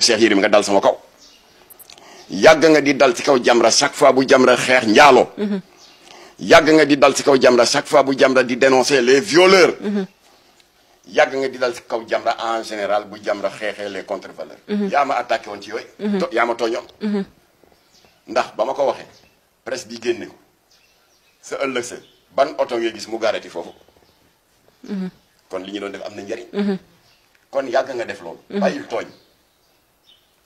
Cheikh Yérim nga dal sama kaw yag nga di dal ci kaw Jamra chaque fois bu Jamra xex ndialo yag nga di dal ci kaw Jamra chaque fois bu Jamra di dénoncer les violeurs yag nga di dal ci kaw Jamra en général bu Jamra xexé les contre-valeurs ya ma attaqué won ci yoy yaa ma tooñoon ndax bama ko waxé presse bi génné ko sa ëlëk sa ban auto ngey gis mu garati fofu kon li ñu doon def amna ñari mhm. kon yag nga def lool mhm. bayil toñ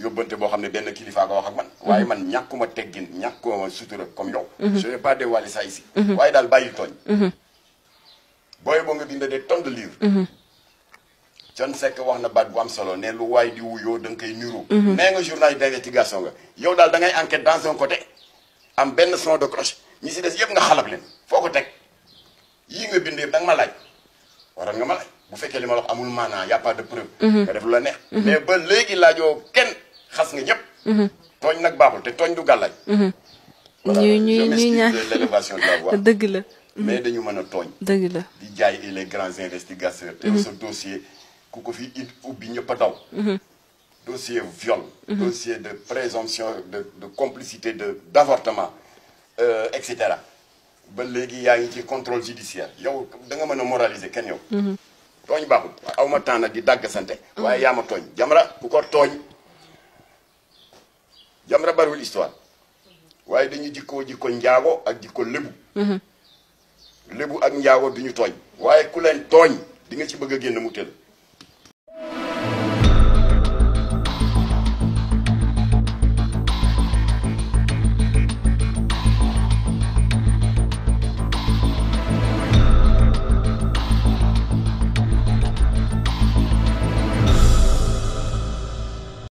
yóbbante boo xam ne benn kilifaa ko wax ak man waaye man ñàkkuma teggin ñàkkuma sutura comme yow mhm. je vais pas dévoiler ça ici mhm. waaye daal bàyyi tooñ mhm. booy boo nga bind des tonnes de livres John Seck wax na baat bu am solo ne lu waay di wuyoo da nga koy niroo nee nga journal d'investigation nga yow daal da ngay enquête dans un côté am benn son de cloche ñi si des yëpp nga xalab leen foo ko teg yii nga bind yëpp da ma laaj waral nga ma laaj bu li ma wax amul maanaa y a pas de preuve la neex xas nga ñep mhm. togn nak baaxul te togn du galay mhm. ñuy ñuy ñuy ñaan de la mhm. mais dañu mëna togn deug la di jaay les grands investigateurs. té sa dossier ku ko fi it ubbi ñëpp taw dossier viol. dossier de présomption de de complicité de d'avortement euh etc ba légui yaa ngi ci contrôle judiciaire yow da nga mëna moraliser ken yow. togn baaxul aw tan nak di dag santé waaye yama togn Jamra ku ko togn Jamra bariwul histoire waaye dañuy jikkoo jikko njaago ak jikko lébu mhm. lébu ak njaago du ñu tooñ waaye ku leen tooñ di nga ci bëgg a génn mu tëdd